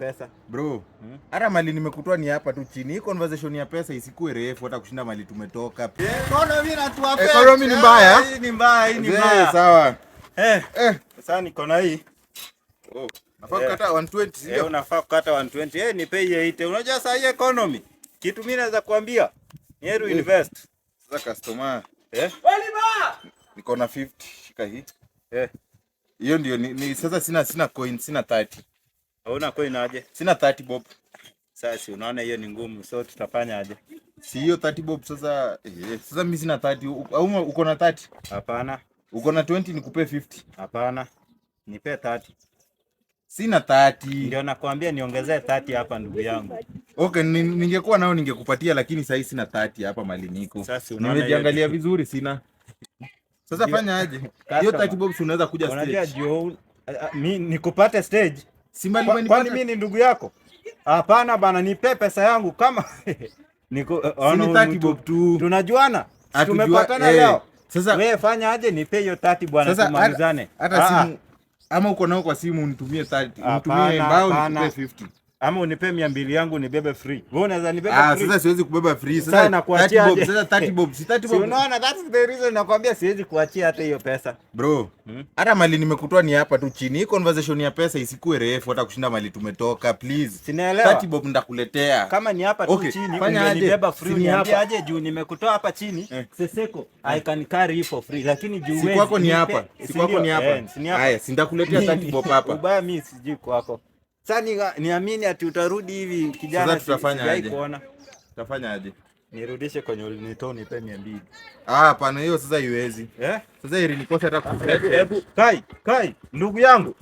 pesa bro, hmm? hata hmm? mali nimekutoa ni hapa tu chini. Hii conversation ya pesa isikuwe refu hata kushinda mali tumetoka. Economy eh, eh, ni eh, mbaya, hii ni mbaya, hii ni mbaya. Sawa eh, eh, sasa niko na hii oh, nafaa kukata 120 sio? Eh, unafaa kukata 120. Eh, hey, nipe hii 8. Unajua saa hii economy kitu mimi naweza kuambia Nyeru hey. invest sasa customer eh, wali ba niko na 50 shika hii eh, hiyo ndio ni, ni sasa sina sina coin sina 30 Hauna kweli naje? Sina 30 bob. Sasa unaona hiyo ni ngumu, so tutafanya aje? Si hiyo 30 bob sasa. Eh, sasa mimi sina 30. Au uko na 30? Hapana. Uko na 20 nikupe 50? Hapana. Nipe 30. Sina 30. Ndio nakwambia niongezee 30 hapa ndugu yangu. Okay, ningekuwa nao ningekupatia lakini sasa sina 30 hapa mali niko. Sasa unaona. Nimejiangalia vizuri sina. Sasa fanya aje? Hiyo 30 bob unaweza kuja stage. Unajua, mimi nikupate stage. Simba Kwa, kwani mimi ni ndugu yako? Hapana bana, nipe pesa yangu kama niko eh, ono, tunajuana tumepatana eh, leo Sasa wewe fanya aje, nipe hiyo 30 bwana, tumalizane. Hata ah, ah. simu ama uko nao kwa simu, unitumie 30 unitumie mbao, nipe 50 ama unipe mia mbili yangu nibebe free. Wewe unaweza nibeba ah, Sasa siwezi kubeba free. Sasa nakuachia bob, sasa 30 bob, si 30 bob. Unaona, that's the reason nakwambia siwezi kuachia hata hiyo pesa. Bro, hmm? hata mali nimekutoa ni hapa tu chini. Hii conversation ya pesa isikue refu hata kushinda mali tumetoka, please. Sinaelewa. 30 bob ndakuletea. Kama ni hapa tu okay. chini, nibeba free ni hapa. aje juu nimekutoa hapa chini. Eh. Seseko I can carry for free. Lakini juu wewe. Si kwako ni hapa. Si kwako eh, ni hapa. Haya, sindakuletea ndakuletea 30 bob hapa. Ubaya mimi sijui kwako. Sasa niamini ati utarudi hivi kijana, tutafanya aje? Tutafanya aje? Nirudishe kwenye ulinitoni nipe mia mbili. Ah, hapana hiyo sasa iwezi. Eh? Sasa ilinikosha hata kufika. Hebu kai, kai, ndugu yangu.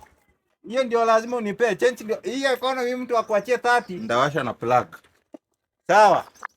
Hiyo ndio lazima unipee change. Hii economy mtu akuachie 30. Ndawasha na plug. Sawa.